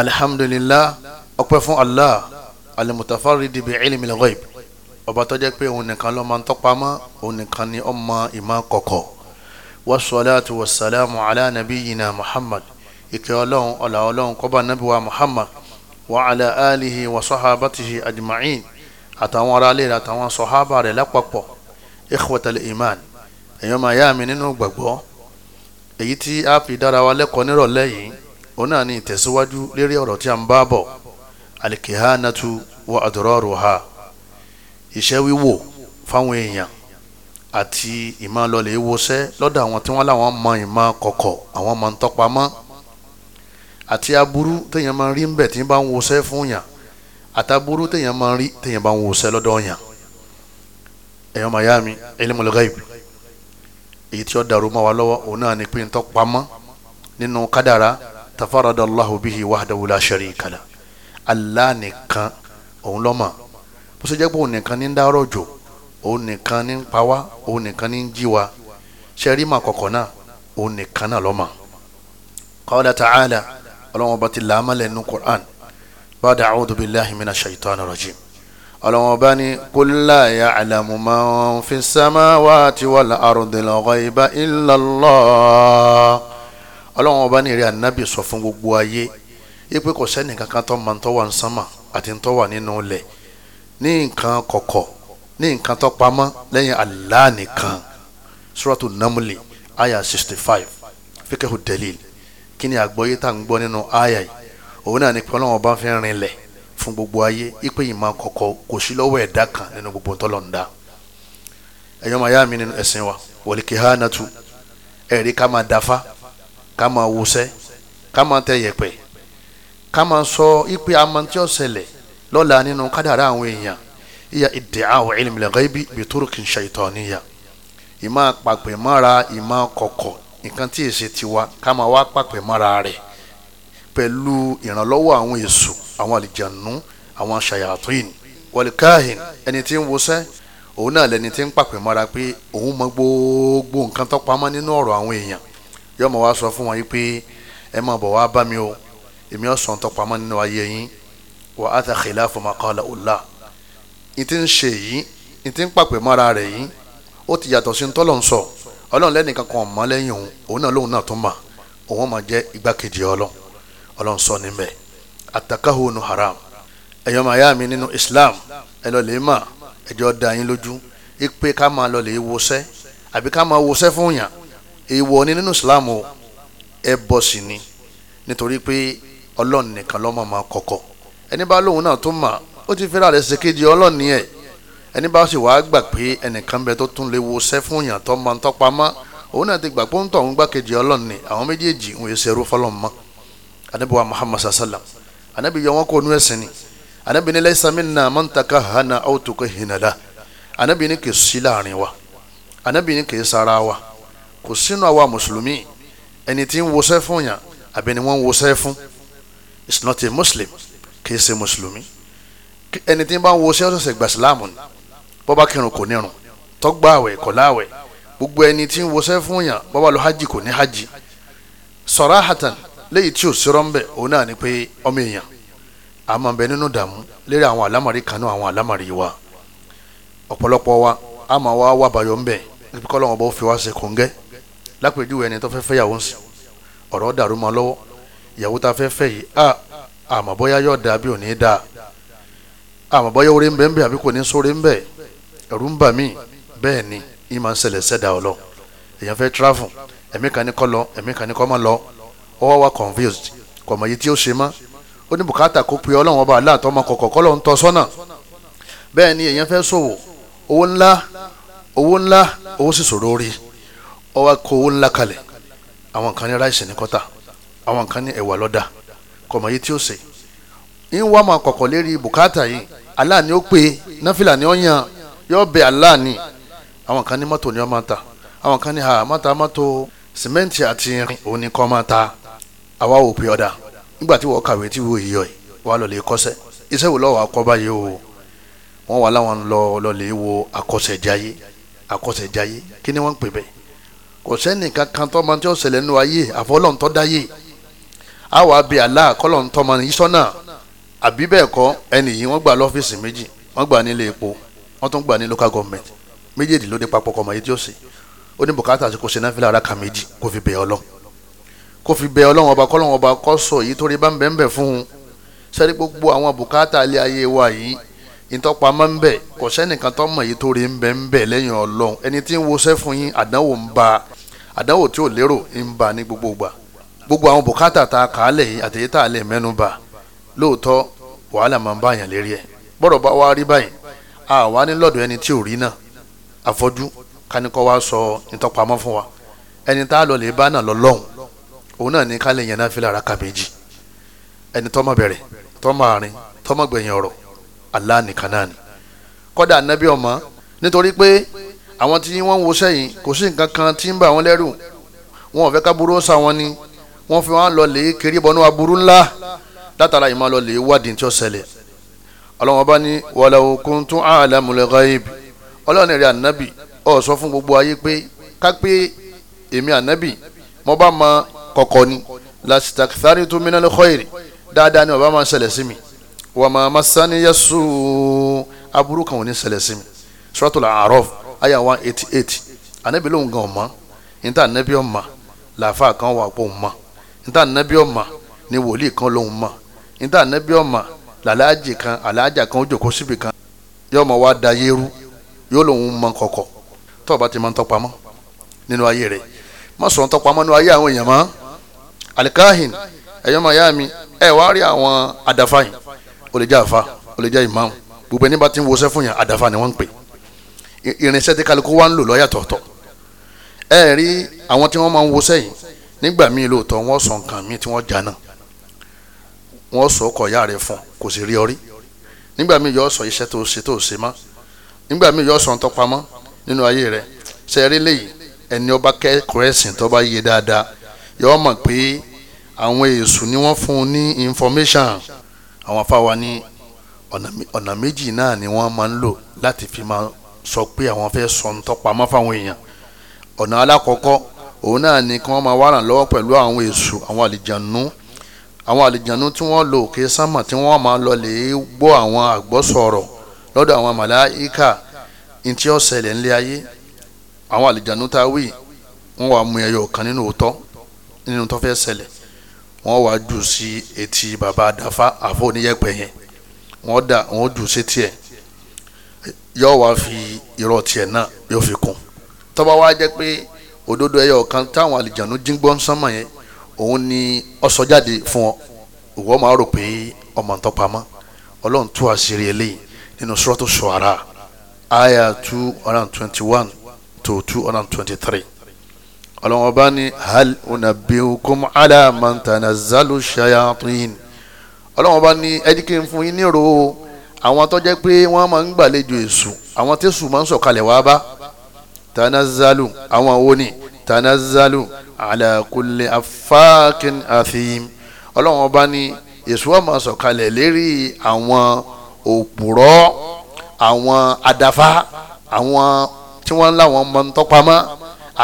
alhamdulillah ọpẹ́ fún allah alimutafaridi bi ilmi al-ghaib ọba tó jẹ́ pé òun nìkan ló máa ń tọpamọ́ òun nìkan ni ó mọ ìmọ̀ kọ̀kọ̀ wasalaatu wasalaamu ala nabiyina muhammad ìkẹ́ ọlọ́run ọlà ọlọ́run kọ́ba nabi wa muhammad wa ala alihi wa sahabatihi ajma'in àtàwọn ará ilé àtàwọn sọ̀hábà rẹ̀ lápapọ̀ ikhwatal iman èèyàn máa yá mi nínú gbàgbọ́ èyí tí a fi dára wa lẹ́kọ̀ọ́ nírọ̀lẹ́ yìí òun náà ní ìtẹ̀síwájú lérí ọ̀rọ̀ tí a ń bá bọ̀ alikihanatu wa aduraruha iṣẹ́ wíwò fáwọn èèyàn àti ìmọ̀lọ́lẹ̀ wọṣẹ́ lọ́dọ̀ àwọn tí wọ́n láwọn mọ ìmọ̀ kọ̀kọ̀ àwọn mọ̀ ń tọ́pamọ́ àti aburú téèyàn máa ń rí ń bẹ̀ tí ń bá ń wọṣẹ́ fún yàn àtàbúrú téèyàn máa ń rí téèyàn bá ń wọṣẹ́ lọ́dọ̀ yàn ẹ̀yàn mayami ilmul ghaib èyí tí ó dàrú mọ́ wa lọ́wọ́ òun náà ni pé ń nínú kádàrá tafarada allahu bihi wahdahu la sharika la allah nìkan òun ló mọ̀ bó ṣe jẹ́ pé òun nìkan ní ń dárọ̀ jò òun nìkan ní ń pa wá òun nìkan ní ń jí wa ṣẹ́rí mà kọ̀kọ̀ náà òun nìkan náà ló mọ̀. qala ọlọ́wọ́n bá ti làámàlẹ̀ nínú qur'an ba'da a'udhu billahi minash shaitani rajim ọlọ́wọ́n bá ní qul la ya'lamu man fi samawati wal ardil ghayba illa Allah ọlọ́run ọba ní ìrẹ́ ànábì sọ fún gbogbo ayé ipe kò sẹ́ni kankan tó máa ń tọ́wà ń sánmà àti ń tọ́wà nínú ilẹ̀ ní nǹkan kọ̀kọ̀ ní nǹkan tó pamọ́ lẹ́yìn Allah nìkan suratu namli aya sixty five fíkẹ́hù delil kí ni àgbọ́yé tá à ń gbọ́ nínú aya yìí òun náà ni pé ọlọ́run ọba fi ń rinlẹ̀ fún gbogbo ayé ipe yìí máa kọ̀kọ̀ kò sí lọ́wọ́ ẹ̀dá kan nínú gbogbo tọ́lọ̀ ń dá yá mi nínú ẹ̀sìn wa wọ̀lìkì hánà tu ẹ̀rí ká máa dáfá Kama máa kama ká máa tẹ yẹ̀pẹ̀ ká máa sọ ipe amantí ọ̀sẹ̀lẹ̀ lọ́la nínú kádàrá àwọn èèyàn iya iddi'a'u ilmi al-ghaybi biturukin shaytaniyya ìmọ̀ pàpẹ́ mọ́ra ìmọ̀ kọ̀kọ̀ nǹkan tí èsì ti wá ká máa wá pàpẹ́ mọ́ra rẹ̀ pẹ̀lú ìrànlọ́wọ́ àwọn èṣù àwọn àlìjànú àwọn ṣayatin wọlékáhìn ẹni tí ń wusẹ́ òun náà lẹni tí ń pàpẹ́ mọ́ra pé òun mọ gbogbo nǹkan tó nínú ọ̀rọ̀ àwọn èèyàn yóò mọ̀ wá sọ fún wọn yìí pé ẹ máa bọ̀ wá bá mi o èmi ọ̀sán tọpamọ́ nínú ayé yín wà á ta khilafu ma qala Allah n ti ń ṣe yìí n ti ń pàpẹ́ mọ́ra rẹ̀ yìí ó ti yàtọ̀ sí ntọ́lọ̀ ń sọ ọlọ́run lẹ́nìkan kan mọ́ lẹ́yìn òun òun náà lóun náà tún mà òun máa jẹ́ igbákejì ọlọ́run ọlọ́run sọ níbẹ̀ àtàkàhónú haram ẹ̀yọ́ màá yá mi nínú Islam ẹ lọ lè mà ẹjọ́ da yín lójú ipe ká máa lọ lè wọṣẹ́ àbí ká máa wọṣẹ́ fún yàn èèwọ̀ ni nínú islam o ẹbọ sì ni nítorí pé ọlọ́run nìkan lọ́mọ máa kọ̀kọ̀ ẹni bá lóun náà tó mà ó ti fẹ́ràn rẹ̀ ṣe kejì ọlọ́run ni ẹ̀ ẹni bá sì wàá gbà pé ẹnìkan bẹ tó tún lè wo sẹ́ fún yàn tó máa ń tọ́pa mọ́ òun náà ti gbà pé ó ń tọ̀ ń gbà ọlọ́run ni àwọn méjèèjì ń ṣe ẹrú fọlọ́n mọ́ anabi muhammad sallam anabi yọ wọn kó onú ẹsìn ni anabi ní laysa minna man takahhana aw tukahhina lahu anabi ní kì sí láàrin wa anabi ní kì sára wa kò sínú àwa mùsùlùmí ẹni tí ń wosẹ́ fún yàn àbí ni wọ́n ń wosẹ́ fún it's not a muslim kì í ṣe mùsùlùmí ẹni tí ń bá ń wosẹ́ ọ̀sẹ̀ gbà síláàmù ni bọ́bá kírun kò nírun tọ́gbàwẹ̀ kò láwẹ̀ gbogbo ẹni tí ń wosẹ́ fún yàn bọ́bá lọ hajj kò ní hajj sarahatan léyìí tí ò sírọ́ ń òun náà ni pé ọmọ èèyàn a máa bẹ nínú dààmú lérí àwọn àlámàrí kanú àwọn àlámàrí wa ọ̀pọ̀lọpọ̀ wa a máa wá wá bayọ̀ ń bẹ̀ kí kọ́lọ́wọ́n bá fi wá ṣe kòńgẹ́ lápèjúwe ẹni tó fẹ́ fẹ́ yàwó sí ọ̀rọ̀ dàrú mọ́ lọ́wọ́ ìyàwó tá a fẹ́ fẹ́ yìí a àmọ́ bóyá yóò da bí ò ní dáa àmọ́ bóyá orí ń bẹ ń bẹ àbí kò ní sórí ń bẹ ẹ̀rù ń bà mí bẹ́ẹ̀ ni yín máa ń ṣẹlẹ̀ sẹ́dà ọ̀lọ́ èèyàn fẹ́ travel ẹ̀mí kan ní kó lọ ẹ̀mí kan ní kó má lọ ó wá confused kò mọ̀ iye tí ó ṣe mọ́ ó ní bùkátà kó pe ọlọ́run ọba aláàtọ́ ọmọ kọ̀kọ̀ kọ́ lọ́n tọ́ sọ́nà bẹ́ẹ̀ ni èèyàn fẹ́ ṣòwò owó ńlá owó ńlá owó sì ṣòro rí i ó wá kó owó ńlá kalẹ̀ àwọn kan ní ráìsì ní kọ́tà àwọn kan ní ẹ̀wà lọ́dà kọ̀mọ̀ yìí tí ó sè ń wá máa kọ̀kọ̀ lérí bùkátà yìí aláàní ó pé náfìlà ni ó yàn yóò bẹ aláàní àwọn kan ní mọ́tò ni ó máa ta àwọn kan ní ha mọ́ta mọ́tò sìmẹ́ǹtì àti irin òun ni kọ́ máa ta àwa ò pè ọ̀dà nígbà tí wọ́n kàwé tí wọ́n yíyọ yìí wọ́n á lọ lè kọ́sẹ́ iṣẹ́ wo lọ́wọ́ akọ́ báyìí o wọ́n wà láwọn lọ lọ lè wo akọ́sẹ̀jáyé akọ́sẹ̀jáyé kí ni wọ́n ń pè bẹ́ẹ̀ kò sẹ́ni kankan tó máa ń tí ó ṣẹlẹ̀ nínú ayé àfọlọ́ntọ́ dáyé àwa bí Allah kọ́lọ́ntọ́ máa yí sọ́nà àbí bẹ́ẹ̀ kọ́ ẹnì yìí wọ́n gbà lọ́fíìsì méjì wọ́n gbà nílé epo wọ́n tún gbà ní local government méjèèjì ló dé papọ̀ kọ́ mayé tí ó ṣe ó ní bùkátà àti kò ṣe náà fi lára ka méjì kó fi bẹ Ọlọ́run kó fi bẹ Ọlọ́run ọba kọ́lọ́run ọba kọ́ sọ èyí tó bá ń bẹ̀ ń bẹ̀ fún un sẹ́rí gbogbo àwọn bùkátà ilé ayé wa yìí ìtọ́pamọ́ ń bẹ̀ kò sẹ́nìkan tó mọ̀ èyí tó ń bẹ̀ ń bẹ̀ lẹ́yìn Ọlọ́run ẹni tí ń wọṣẹ́ fún yín àdánwò ń ba àdánwò tí ó lérò ń ní gbogbo gbà gbogbo àwọn bùkátà tá a kà á lẹ̀ yìí tá a mẹ́nu lóòótọ́ wàhálà máa ń bá àyàn lérí ẹ̀ bọ́dọ̀ bá wá rí báyìí a wà ní lọ́dọ̀ ẹni tí ò rí náà àfọ́jú kánikọ́ wa sọ ìtọ́pamọ́ fún wa ẹni tá a lọ lè bá náà lọ lọ́hùn òun náà ní ká lè yẹn náà fi lára ẹni tọ́mọ bẹ̀rẹ̀ tọ́mọ àárín tọ́mọ gbẹ̀yìn ọ̀rọ̀ nìkan náà ni kọ́dà ọmọ nítorí àwọn tí wọ́n ń wo sẹ́yìn kò sí nǹkan kan tí ń bà wọ́n lẹ́rù wọn ò fẹ́ ká burú sa wọn ni wọ́n fi wọn lọ lè kiri bọ́nú aburú ńlá látara ìmọ̀ lọ lè wádìí tí ó ṣẹlẹ̀ ọlọ́wọ́n bá ní walaw kuntu a'lamul ghaib ọlọ́run rẹ̀ ànábì ó sọ fún gbogbo ayé pé ká pé èmi ànábì mo bá mọ kọ̀kọ̀ ni lastakthartu minal khairi dáadáa ni ó máa ṣẹlẹ̀ sí mi wa ma massani aburú kan ò ní ṣẹlẹ̀ sí mi Suratul A'raf aya one eighty eight anabi lóhùn gan ọ̀ma níta anabi ọ̀ma làáfà kan wà pọ̀ ọ̀ma níta anabi ọ̀ma ni wòlíì kan lóhùn ma níta anabi ọ̀ma làlájì kan àlájà kan ó jòkó síbi kan yóò mọ̀ wá da yérú yóò lóhùn ma kọ̀kọ̀ tó o bá ti máa ń tọpamọ́ nínú ayé rẹ̀ má sọ̀ ń tọpamọ́ nínú ayé àwọn èèyàn mọ́ alikahin ẹ̀yọ́ mọ̀ ya mi ẹ̀ wá rí àwọn àdàfáyìn ó lè jẹ́ àfa ó jẹ́ ìmáàmù gbogbo ẹni bá ti ń wọṣẹ́ fún yàn àdàfà ni wọ́n ń pè é irinṣẹ́ tí kálukú wa ń lò lọ́yàtọ̀ọ̀tọ̀ ẹ rí àwọn tí wọ́n máa ń wo sẹ́yìn nígbà míì lóòótọ́ wọ́n sọ nǹkan míì tí wọ́n jà náà wọ́n sọ ọkọ̀ ìyá rẹ̀ fún kò sì rí ọrí nígbà míì yọ sọ iṣẹ́ tó ṣe tó ṣe mọ́ nígbà míì yọ sọ ntọ́pamọ́ nínú ayé rẹ̀ ṣe rí léyìí ẹni ọba kẹ́kọ̀ọ́ ẹ̀sìn tó bá yé dáadáa yọ mọ̀ pé àwọn èṣù ni wọ́n fún un ní information àwọn afáwa ní ọ̀nà méjì náà ni wọ́n máa ń lò láti fi máa sọ pé àwọn fẹ́ sọ ń tọpamọ́ fáwọn èèyàn ọ̀nà alákọ̀ọ́kọ́ òun náà ni kí wọ́n máa wá ràn lọ́wọ́ pẹ̀lú àwọn èṣù àwọn àlìjànú àwọn àlìjànú tí wọ́n lò òkè sánmà tí wọ́n máa lọ lè gbọ́ àwọn àgbọ́sọ̀rọ̀ lọ́dọ̀ àwọn màláíkà ní tí ó ṣẹlẹ̀ ńlẹ̀ ayé àwọn àlìjànú tá wí wọ́n wàá mú ẹyọ kan nínú òótọ́ nínú tó fẹ́ ṣẹlẹ̀ wọ́n wàá jù sí etí baba àdáfá àfọ̀ oníyẹ̀pẹ̀ yẹn wọ́n dà wọ́n jù sí tiẹ̀ yóò wá fi irọ́ tiẹ̀ náà yóò fi kún tọ́ba wa jẹ́ pé òdodo ẹyọ kan táwọn àlìjànú jíngbọ́n sánmà yẹn òun ni ọsọ jáde fún ọ ìwọ máa rò pé ọmọ ń tọpamọ́ ọlọ́run tú àṣírí eléyìí nínú suratu Shu'ara aya two hundred and twenty one to two hundred and twenty three ọlọ́run ọba ní hal unabbi'ukum ala man tanazzalu shayatin ọlọ́run ọba ní ẹ̀dínkì fún yín ní ro àwọn tó jẹ́ pé wọ́n máa ń gbàlejò èṣù àwọn tẹ̀sù máa ń sọ̀kalẹ̀ wá bá tanazalu àwọn wo ni tanazalu ala kulli afakin athim ọlọ́run ọba ni èṣù wa máa sọ̀kalẹ̀ lérí àwọn òpùrọ́ àwọn adafa àwọn tí wọ́n ń láwọn máa ń tọ́pamọ́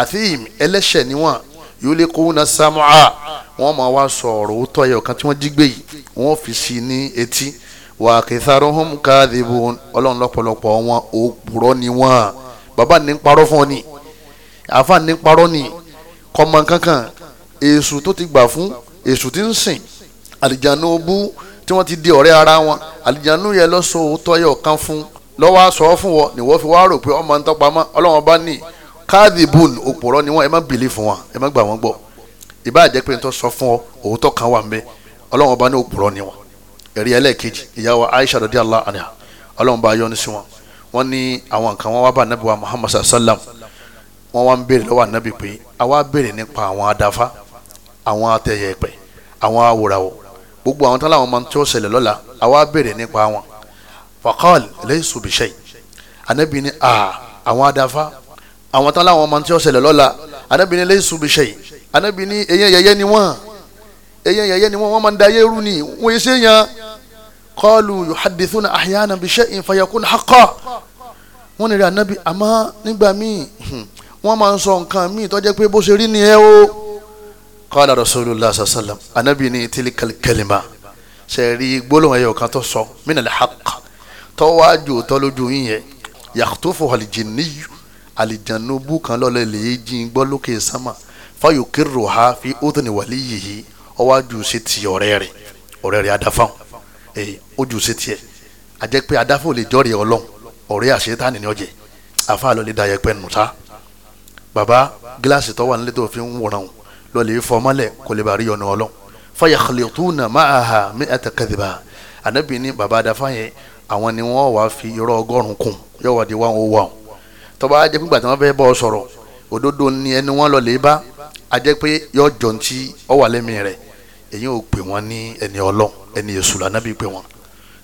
athim ẹlẹ́ṣẹ̀ ni wọ́n yulikuna sam'a wọ́n máa wá sọ̀rọ̀ òótọ́ ẹ̀yọ̀ kan tí wọ́n jí gbé yìí wọ́n fi sí ní etí wa kitharuhum kadhibun ọlọ́run lọ́pọ̀lọpọ̀ wọn òpùrọ́ ni wọ́n bàbá ní parọ́ fún ọ ni àfa ní parọ́ ni kọ́mọ kankan èṣù tó ti gbà fún èṣù tí ń sìn àlìjánu bú tí wọ́n ti di ọ̀rẹ́ ara wọn àlìjánu yẹ lọ́sọ òótọ́ yẹ ọ̀kan fún lọ́wọ́ aṣọ fún wọn ni wọ́n fi wá rò pé ọmọ ń tọpamọ́ ọlọ́run bá ní kadhibun òpùrọ́ ni wọ́n ẹ má bìlí fún wọn ẹ má gbà wọ́n gbọ́ ìbá àjẹpẹ́ ń tọ́ sọ fún ọ ni wọn ẹ̀rí ẹlẹ́ẹ̀kejì ìyàwó Aisha radiyallahu anha ọlọ́run bá yọ́nú sí wọn wọn ní àwọn nǹkan wọn wá bá anabi wa Muhammad sallam wọn wá ń béèrè lọ́wọ́ anabi pé àwa béèrè nípa àwọn adáfá àwọn atẹ̀yẹ̀pẹ̀ àwọn awòràwọ̀ gbogbo àwọn tán láwọn máa ń tó ṣẹlẹ̀ lọ́la àwa béèrè nípa wọn fakal laysu bi shay anabi ní a àwọn adáfá àwọn tán láwọn máa ń tó ṣẹlẹ̀ lọ́la anabi ní laysu bi shay anabi ní eyín yẹyẹ ni wọ́n eyín yẹyẹ ni wọ́n wọ́n máa ń da ayé rú ni wọ́n yẹ sẹ́yìn qalu yuhadithuna ahyana bi shay'in fayakun haqqan wọ́n ní rẹ̀ ànábì àmọ́ nígbà míì wọ́n máa ń sọ nǹkan míì tó jẹ́ pé bó ṣe rí ni ẹ o qala rasulullah sallallahu alaihi wasallam ànábì ní tilkal kalima ṣe rí gbólóhùn ẹ̀yọ̀ kan tó sọ min al-haqq tó wá jò tó lójú yín yẹn yakhtufu al-jinniyu àlìjànúbù kan lọ́lọ́ ilé yìí jí gbọ́ lókè sánmà fayuqirruha fi udhni waliyihi ọwájú ṣe ti ọ̀rẹ́ rẹ̀ ọ̀rẹ́ rẹ̀ adáfáwọn èyí ojú ṣe tiẹ̀ àjẹ́ pé adáfò lè jọ́rìí ọlọ́run ọ̀rẹ́ àṣetánì ni ọjẹ́ àfa ló lè da yẹpẹ́ nù ta bàbá gíláàsì tó wà nílé tó fi ń wòran o lọ lè fọ mọ́lẹ̀ kó lè bá rí ọ̀nà ọlọ́run fayakhlituna ma'aha mi'ata kadhiba ànábì ní bàbá adáfà yẹn àwọn ni wọ́n wàá fi irọ́ ọgọ́rùn-ún kùn yóò wá di wá wọn wà o tọ́ba ajẹ́ pé gbàtà wọn fẹ́ bọ́ òdodo ni ẹni wọn lọ lè bá ajẹ́ pé yọ jọ̀ntì ọ̀wà lẹ́mìí rẹ̀ èyí ò pè wọ́n ní ẹni ọlọ́ ẹni èṣù lànàbí pè wọ́n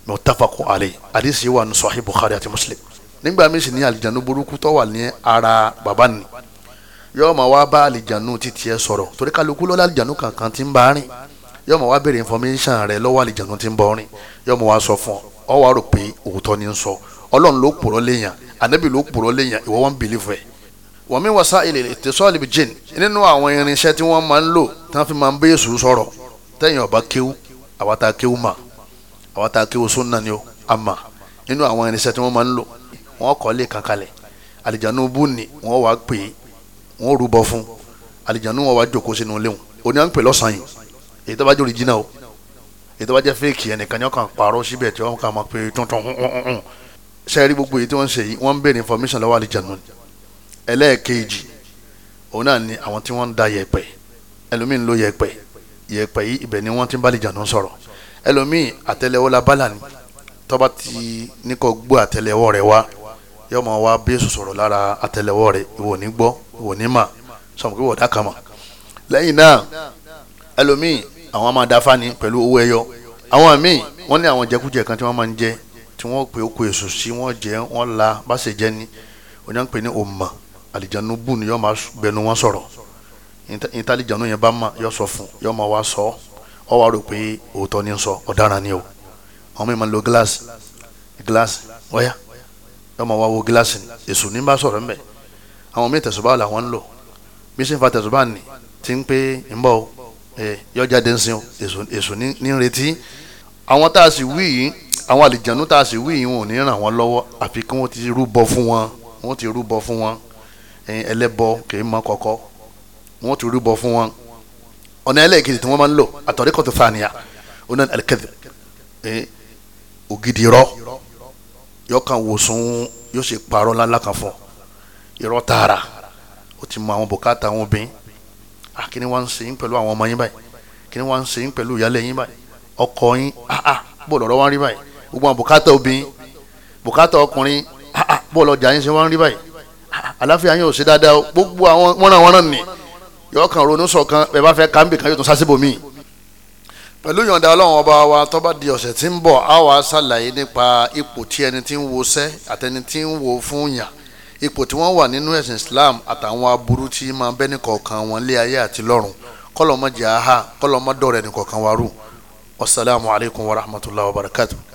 mẹ tafakọ ale àdìsí wà nù sahih bukhari àti muslim nígbà míì sì ní àlìjánu burúkú tó wà ní ara bàbá ni yóò máa wá bá àlìjánu títí ẹ sọ̀rọ̀ torí kálukú lọ́la àlìjánu kankan ti ń bá rìn yóò máa wá béèrè information rẹ lọ́wọ́ àlìjánu ti ń bọ́ rìn yóò máa wá sọ fún ọ ọ wá rò pé òótọ́ ni ń sọ ọlọ́run ló pòrọ́ léèyàn ànábì ló pòrọ́ léèyàn ìwọ wọn bìlì fẹ́ wọ́n mi wasa ilẹ̀ ìtẹ̀sọ́ àlìbìjìn nínú àwọn irinṣẹ́ tí wọ́n máa ń lò tí wọ́n fi máa ń bẹ́ẹ̀ sùn sọ̀rọ̀ tẹ́yìn ọba kéwú àwa ta ma, mà àwa ta kéwú sunna ni o nínú àwọn irinṣẹ́ tí wọ́n máa ń lò wọ́n kọ́ lé kankalẹ̀ àlìjánu bú ni wọ́n wá pè é wọ́n rúbọ fún àlìjánu wọn wá jókòó sínú léwu òní à ń pè lọ́sàn-án yìí èyí tó bá jòrì jìnnà o èyí tó bá jẹ́ fẹ́ẹ̀kì ẹnìkan ni wọ́n kàn pààrọ̀ síbẹ̀ tí wọ́n kàn máa pè é tuntun sẹ́ẹ̀rí gbogbo èyí tí wọ́n ń ṣe yìí wọ́n ń béèrè information lọ́wọ́ àlìjánu ẹlẹ́ẹ̀kejì òun náà ni àwọn tí wọ́n ń da yẹ̀pẹ̀ ẹlòmíín ló yẹ̀pẹ̀ ìyẹ̀pẹ̀ yìí ibẹ̀ ni wọ́n ti ń bálẹ̀ jàǹdùn ẹlòmíì àtẹ́lẹwọ́ la bálà ni tọ́ba ti ní kó gbọ́ àtẹ́lẹwọ́ rẹ̀ wá yóò máa wá bí èso sọ̀rọ̀ lára àtẹ́lẹwọ́ rẹ̀ ìwọ ní gbọ́ ìwọ ní mà sọmọ kí wọ́n dá kama lẹ́yìn náà ẹlòmíì àwọn máa da fani pẹ̀lú owó ẹyọ àwọn míì wọ́n ní àwọn jẹkújẹ kan tí wọ́n máa ń jẹ tí wọ́n pe oko èso sí wọ́n jẹ wọ́n la bá ṣe jẹ ni oníyàn pè ní òmà àlìjánu bù ni yóò máa gbẹnu wọn sọ̀rọ̀ intalijanu yẹn bá ma yọ sọ fún yọ ma wá sọ ọ wá rò pé òótọ́ ni ń sọ ọ̀daràn ni o àwọn mi ma lo gíláàsì gíláàsì wáyà yọ ma wá wo gíláàsì èṣù ní bá sọ̀rọ̀ mbẹ́ àwọn mi tẹ̀sùbá làwọn ń lò bí sèǹfà tẹ̀sùbá ni ti ń pé ń bọ̀ yọ jáde ń sin o èṣù ní ń retí àwọn tá a sì wí yìí àwọn àlìjànú tá a sì wí yìí wọn ò ní ràn wọ́n lọ́wọ́ àfi kí ti rúbọ fún wọn wọ́n ti rúbọ fún wọn ẹlẹ́bọ kì í mọ kọ̀kọ́ wọ́n ti rúbọ fún wọn ọ̀nà ẹlẹ́ẹ̀kejì tí wọ́n máa ń lò àtọ̀ríkọ̀ tó fàníyà ọ̀nà alikẹ́dì ògidì rọ yóò kàn wò sún yóò ṣe parọ́ ńlá kan fún irọ́ tààrà ó ti mọ àwọn bùkátà àwọn obìnrin à kí ni wọ́n ń ṣe yín pẹ̀lú àwọn ọmọ yín báyìí kí ni wọ́n ń ṣe yín pẹ̀lú ìyálẹ̀ yín báyìí ọkọ yín àà bó lọ́rọ́ wá rí báyìí gbogbo àwọn bùkátà obìnrin bùkátà ọkùnrin àà bó lọ́jà yín ṣe wá rí báyìí àláfíà yín ò ṣe dáadáa gbogbo àwọn wọ́nà wọ́nà nìyí yọ kan ronú sọ̀kan bẹ́ẹ̀ bá fẹ́ kánbì kan yóò tún sásìbò míì pẹ̀lú yọ̀ǹda ọlọ́run ọba wa tó bá di ọ̀sẹ̀ tí ń bọ̀ á wàá ṣàlàyé nípa ipò tí ẹni tí ń woṣẹ́ àtẹni tí ń wo fún yàn ipò tí wọ́n wà nínú ẹ̀sìn Islam àtàwọn aburú tí máa bẹ́ nìkọ̀ọ̀kan wọn lé ayé àti lọ́run kọ́lọ́mọ́jà áhà kọ́lọ́mọ́dọ̀rẹ́ nìkọ̀ọ̀kan wa rú wasalaamualeykum wa rahmatulahi